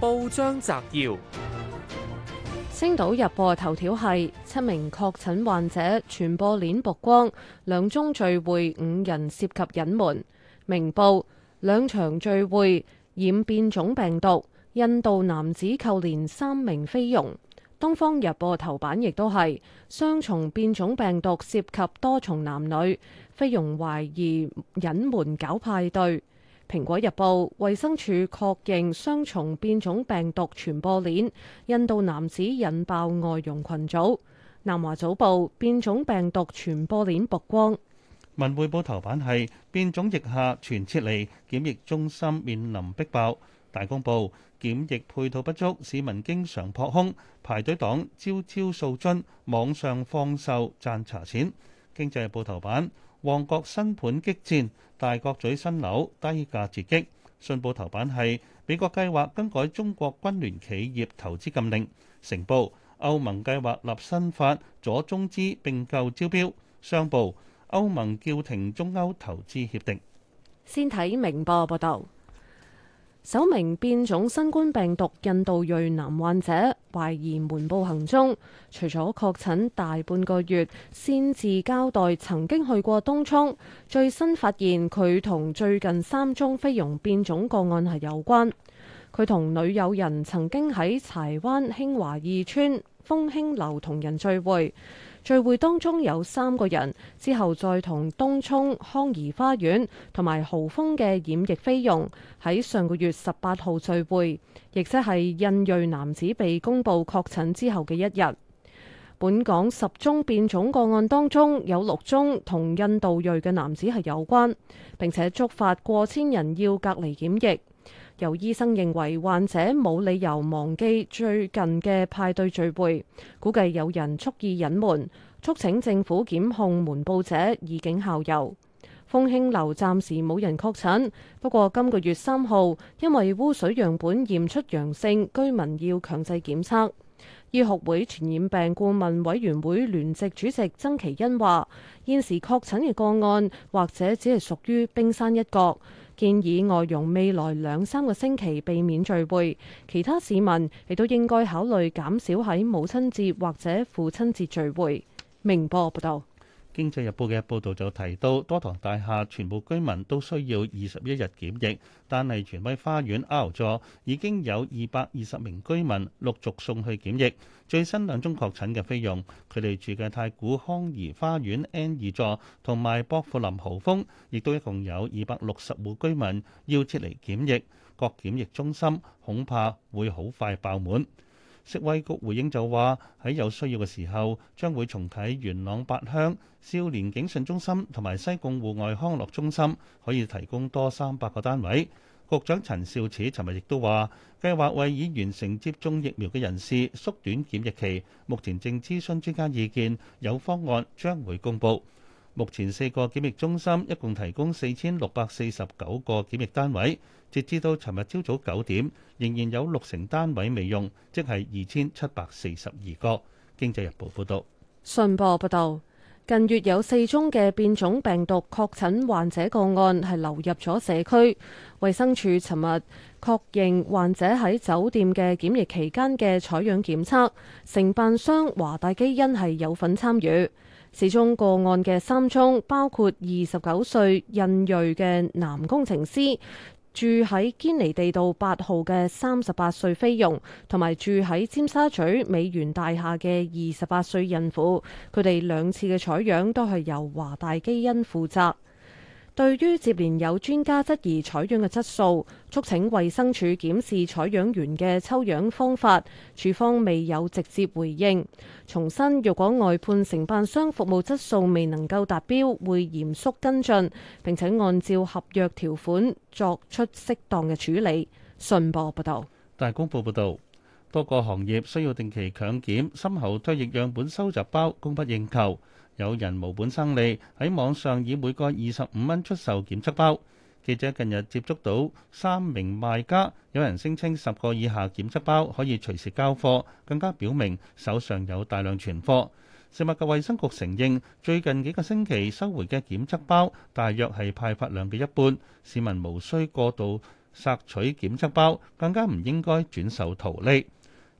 報章摘要：星島日報頭條係七名確診患者傳播鏈曝光，兩宗聚會五人涉及隱瞞。明報兩場聚會染變種病毒，印度男子扣連三名菲傭。東方日報頭版亦都係雙重變種病毒涉及多重男女，菲傭懷疑隱瞞搞派對。《蘋果日報》衛生署確認雙重變種病毒傳播鏈，印度男子引爆外傭群組，《南華早報》變種病毒傳播鏈曝光，《文匯報》頭版係變種疫下全撤離檢疫中心面臨逼爆，《大公報》檢疫配套不足，市民經常撲空，排隊黨朝朝數樽，網上放售賺茶錢，《經濟報》頭版。旺角新盤激戰，大角咀新樓低價截擊。信報頭版係美國計劃更改中國軍聯企業投資禁令。成報，歐盟計劃立新法阻中資並購招標。商報，歐盟叫停中歐投資協定。先睇明報報道。首名變種新冠病毒印度裔男患者懷疑瞞報行蹤，除咗確診大半個月，先至交代曾經去過東涌。最新發現佢同最近三宗飛龍變種個案係有關。佢同女友人曾經喺柴灣興華二村豐興樓同人聚會。聚會當中有三個人，之後再同東涌康怡花園同埋豪豐嘅染疫菲傭喺上個月十八號聚會，亦即係印裔男子被公布確診之後嘅一日。本港十宗變種個案當中有六宗同印度裔嘅男子係有關，並且觸發過千人要隔離檢疫。有醫生認為患者冇理由忘記最近嘅派對聚會，估計有人蓄意隱瞞，促請政府檢控瞞報者以儆效尤。豐興樓暫時冇人確診，不過今個月三號因為污水樣本驗出陽性，居民要強制檢測。醫學會傳染病顧問委員會聯席主席曾其恩話：現時確診嘅個案或者只係屬於冰山一角。建議外傭未來兩三個星期避免聚會，其他市民亦都應該考慮減少喺母親節或者父親節聚會。明報報道。《經濟日報》嘅報導就提到，多幢大廈全部居民都需要二十一日檢疫，但係荃威花園 R 座已經有二百二十名居民陸續送去檢疫。最新兩宗確診嘅費用，佢哋住嘅太古康怡花園 N 二座同埋博富林豪峯，亦都一共有二百六十戶居民要撤離檢疫，各檢疫中心恐怕會好快爆滿。食衛局回應就話，喺有需要嘅時候，將會重啟元朗八鄉少年警訊中心同埋西貢戶外康樂中心，可以提供多三百個單位。局長陳肇始尋日亦都話，計劃為已完成接種疫苗嘅人士縮短檢疫期，目前正諮詢專家意見，有方案將會公布。目前四個檢疫中心一共提供四千六百四十九個檢疫單位，截至到尋日朝早九點，仍然有六成單位未用，即係二千七百四十二個。經濟日報報道。信報報道，近月有四宗嘅變種病毒確診患者個案係流入咗社區，衛生署尋日。確認患者喺酒店嘅檢疫期間嘅採樣檢測，承辦商華大基因係有份參與。其中個案嘅三宗包括二十九歲印裔嘅男工程師，住喺堅尼地道八號嘅三十八歲菲傭，同埋住喺尖沙咀美元大廈嘅二十八歲孕婦。佢哋兩次嘅採樣都係由華大基因負責。對於接連有專家質疑採樣嘅質素，促請衛生署檢視採樣員嘅抽樣方法，署方未有直接回應。重申，若果外判承辦商服務質素未能夠達標，會嚴肅跟進，並且按照合約條款作出適當嘅處理。信報報道，大公報報道，多個行業需要定期強檢，深喉唾液樣本收集包供不應求。有人無本生利喺網上以每個二十五蚊出售檢測包。記者近日接觸到三名賣家，有人聲稱十個以下檢測包可以隨時交貨，更加表明手上有大量存貨。食物及衛生局承認最近幾個星期收回嘅檢測包大約係派發量嘅一半，市民無需過度索取檢測包，更加唔應該轉手圖利。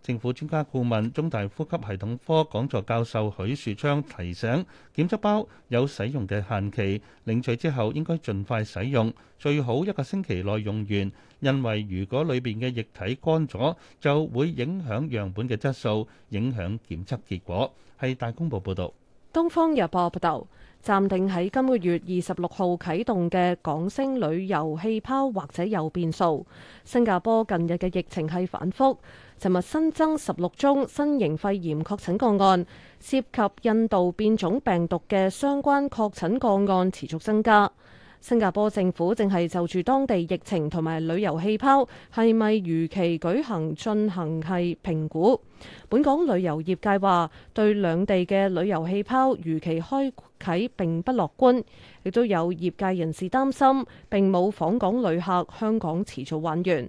政府專家顧問、中大呼吸系統科講座教授許樹昌提醒，檢測包有使用嘅限期，領取之後應該盡快使用，最好一個星期內用完，因為如果裏邊嘅液體乾咗，就會影響樣本嘅質素，影響檢測結果。係大公報報道。東方日報報導。暫定喺今個月二十六號啟動嘅港星旅遊氣泡，或者有變數。新加坡近日嘅疫情係反覆，尋日新增十六宗新型肺炎確診個案，涉及印度變種病毒嘅相關確診個案持續增加。新加坡政府正係就住當地疫情同埋旅遊氣泡，係咪如期舉行進行係評估。本港旅遊業界話對兩地嘅旅遊氣泡如期開啓並不樂觀，亦都有業界人士擔心並冇訪港旅客，香港遲早玩完。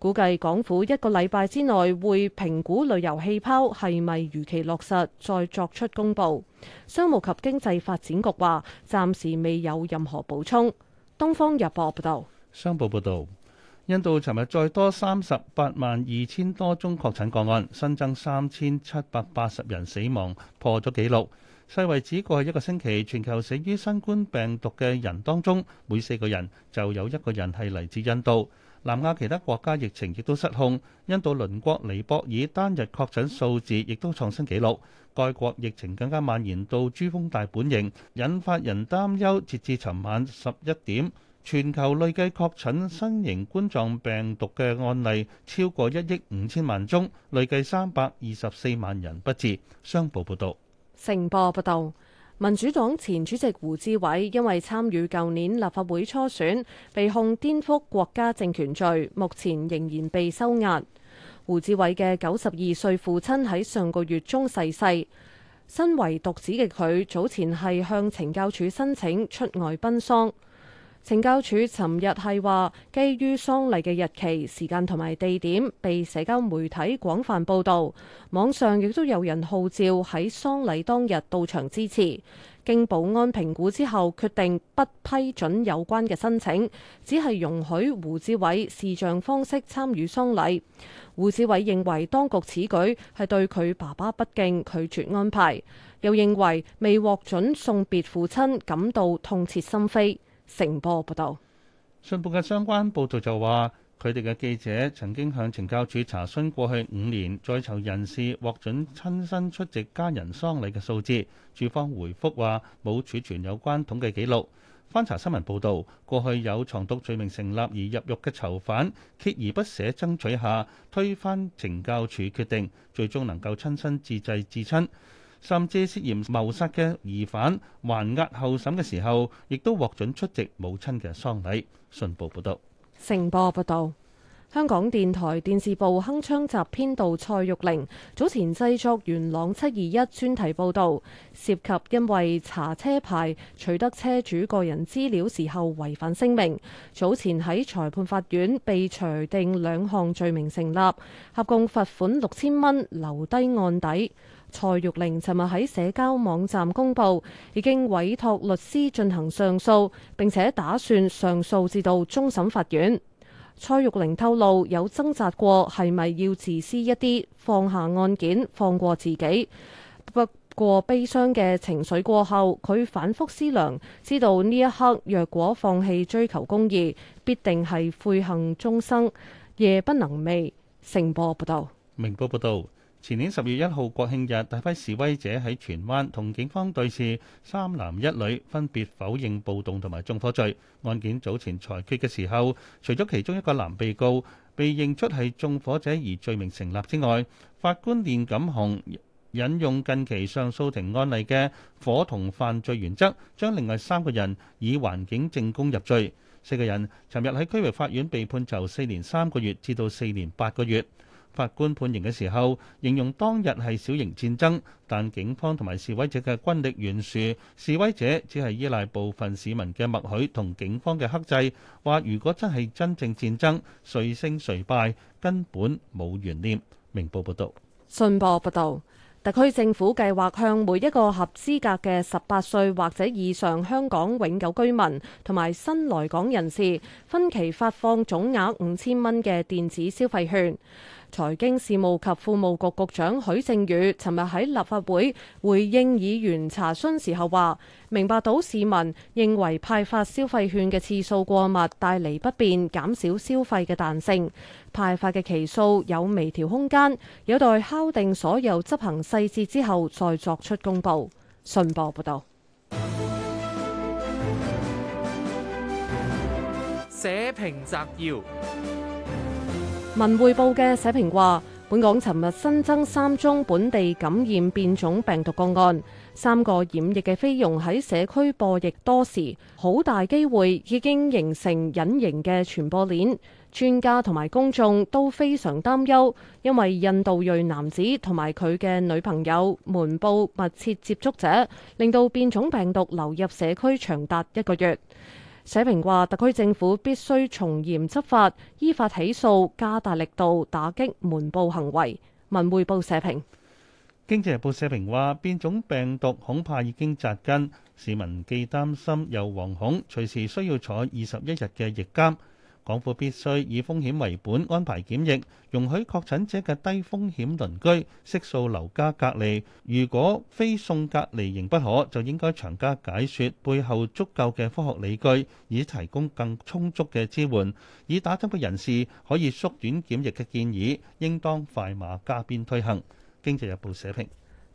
估計港府一個禮拜之內會評估旅遊氣泡係咪如期落實，再作出公佈。商務及經濟發展局話暫時未有任何補充。《東方日報》報道，《商報》報道，印度尋日再多三十八萬二千多宗確診個案，新增三千七百八十人死亡，破咗紀錄。世衛指過去一個星期，全球死於新冠病毒嘅人當中，每四個人就有一個人係嚟自印度。南亞其他國家疫情亦都失控。印度鄰國尼泊爾單日確診數字亦都創新紀錄，該國疫情更加蔓延到珠峰大本營，引發人擔憂。截至尋晚十一點，全球累計確診新型冠狀病毒嘅案例超過一億五千萬宗，累計三百二十四萬人不治。商報報道。聲播》報道，民主黨前主席胡志偉因為參與舊年立法會初選，被控顛覆國家政權罪，目前仍然被收押。胡志偉嘅九十二歲父親喺上個月中逝世，身為獨子嘅佢早前係向懲教署申請出外奔喪。懲教署尋日係話，基於喪禮嘅日期、時間同埋地點被社交媒體廣泛報道，網上亦都有人號召喺喪禮當日到場支持。經保安評估之後，決定不批准有關嘅申請，只係容許胡志偉視像方式參與喪禮。胡志偉認為當局此舉係對佢爸爸不敬，拒絕安排，又認為未獲准送別父親，感到痛徹心扉。成報道，信報嘅相關報道就話，佢哋嘅記者曾經向懲教署查詢過去五年在囚人士獲准親身出席家人喪禮嘅數字，署方回覆話冇儲存有關統計記錄。翻查新聞報道，過去有藏毒罪名成立而入獄嘅囚犯，鍥而不捨爭取下推翻懲教署決定，最終能夠親身自制至親。甚至涉嫌謀殺嘅疑犯，還押候審嘅時候，亦都獲准出席母親嘅喪禮。信報報道，成報報道，香港電台電視部鏗鏘集編導蔡玉玲早前製作元朗七二一專題報道涉及因為查車牌取得車主個人資料時候違反聲明，早前喺裁判法院被裁定兩項罪名成立，合共罰款六千蚊，留低案底。蔡玉玲尋日喺社交網站公布，已經委託律師進行上訴，並且打算上訴至到終審法院。蔡玉玲透露有掙扎過係咪要自私一啲，放下案件，放過自己。不過悲傷嘅情緒過後，佢反復思量，知道呢一刻若果放棄追求公義，必定係悔恨終生，夜不能寐。成波報道，明報報道。前年十月一號國慶日，大批示威者喺荃灣同警方對峙，三男一女分別否認暴動同埋縱火罪。案件早前裁決嘅時候，除咗其中一個男被告被認出係縱火者而罪名成立之外，法官練錦鴻引用近期上訴庭案例嘅伙同犯罪原則，將另外三個人以環境證供入罪。四個人尋日喺區域法院被判囚四年三個月至到四年八個月。法官判刑嘅時候，形容當日係小型戰爭，但警方同埋示威者嘅軍力懸殊，示威者只係依賴部分市民嘅默許同警方嘅克制。話，如果真係真正戰爭，誰勝誰敗根本冇懸念。明報報道。信報報道，特區政府計劃向每一個合資格嘅十八歲或者以上香港永久居民同埋新來港人士分期發放總額五千蚊嘅電子消費券。財經事務及庫務局局長許正宇尋日喺立法會回應議員查詢時候話，明白到市民認為派發消費券嘅次數過密，帶嚟不便，減少消費嘅彈性。派發嘅期數有微調空間，有待敲定所有執行細節之後再作出公佈。信報報道。社評摘要。文匯報嘅社評話：本港尋日新增三宗本地感染變種病毒個案，三個染疫嘅飛傭喺社區播疫多時，好大機會已經形成隱形嘅傳播鏈。專家同埋公眾都非常擔憂，因為印度裔男子同埋佢嘅女朋友瞞報密切接觸者，令到變種病毒流入社區長達一個月。社評話，特區政府必須從嚴執法、依法起訴，加大力度打擊瞞報行為。文匯報社評。經濟日報社評話，變種病毒恐怕已經紮根，市民既擔心又惶恐，隨時需要坐二十一日嘅疫監。港府必須以風險為本安排檢疫，容許確診者嘅低風險鄰居悉數留家隔離。如果非送隔離營不可，就應該詳加解説背後足夠嘅科學理據，以提供更充足嘅支援。已打針嘅人士可以縮短檢疫嘅建議，應當快馬加鞭推行。經濟日報社評。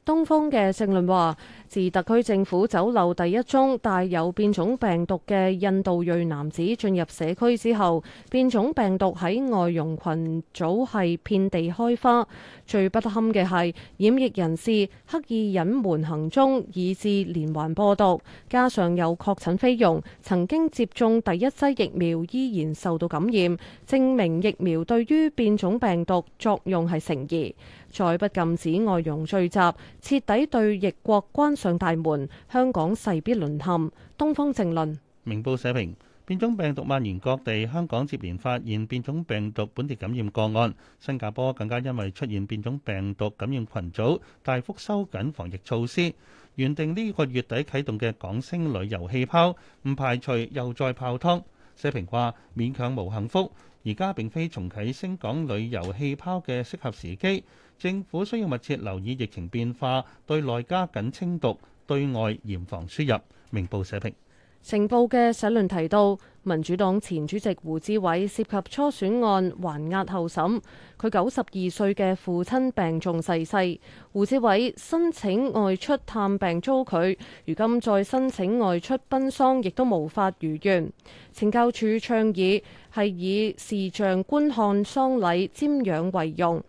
東方嘅正論話：自特區政府走漏第一宗帶有變種病毒嘅印度裔男子進入社區之後，變種病毒喺外傭群組係遍地開花。最不堪嘅係，染疫人士刻意隱瞞行蹤，以致連環播毒。加上有確診菲傭曾經接種第一劑疫苗，依然受到感染，證明疫苗對於變種病毒作用係成疑。再不禁止外傭聚集，徹底對疫國關上大門，香港勢必淪陷。《東方正論》明報社評：變種病毒蔓延各地，香港接連發現變種病毒本地感染個案，新加坡更加因為出現變種病毒感染群組，大幅收緊防疫措施。原定呢個月底啟動嘅港星旅遊氣泡，唔排除又再泡湯。社評話：勉強無幸福。而家並非重啟星港旅遊氣泡嘅適合時機，政府需要密切留意疫情變化，對內加緊清毒，對外嚴防輸入。明報社評。成報嘅社論提到，民主黨前主席胡志偉涉及初選案，還押候審。佢九十二歲嘅父親病重逝世，胡志偉申請外出探病遭拒，如今再申請外出奔喪，亦都無法如願。懲教處倡議係以視像觀看喪禮瞻仰為用，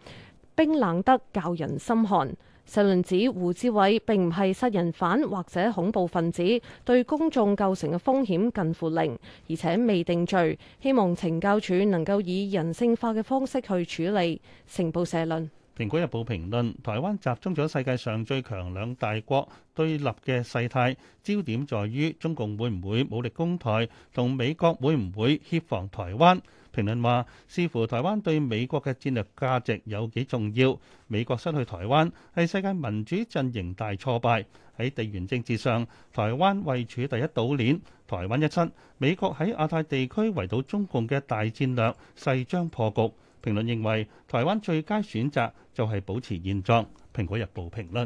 冰冷得教人心寒。社論指胡志偉並唔係殺人犯或者恐怖分子，對公眾構成嘅風險近乎零，而且未定罪，希望懲教處能夠以人性化嘅方式去處理。成報社論。《蘋果日報》評論：台灣集中咗世界上最強兩大國對立嘅勢態，焦點在於中共會唔會武力攻台，同美國會唔會協防台灣。評論話：視乎台灣對美國嘅戰略價值有幾重要，美國失去台灣係世界民主陣營大挫敗。喺地緣政治上，台灣位處第一島鏈，台灣一失，美國喺亞太地區圍堵中共嘅大戰略勢將破局。評論認為，台灣最佳選擇就係保持現狀，蘋果日報評論。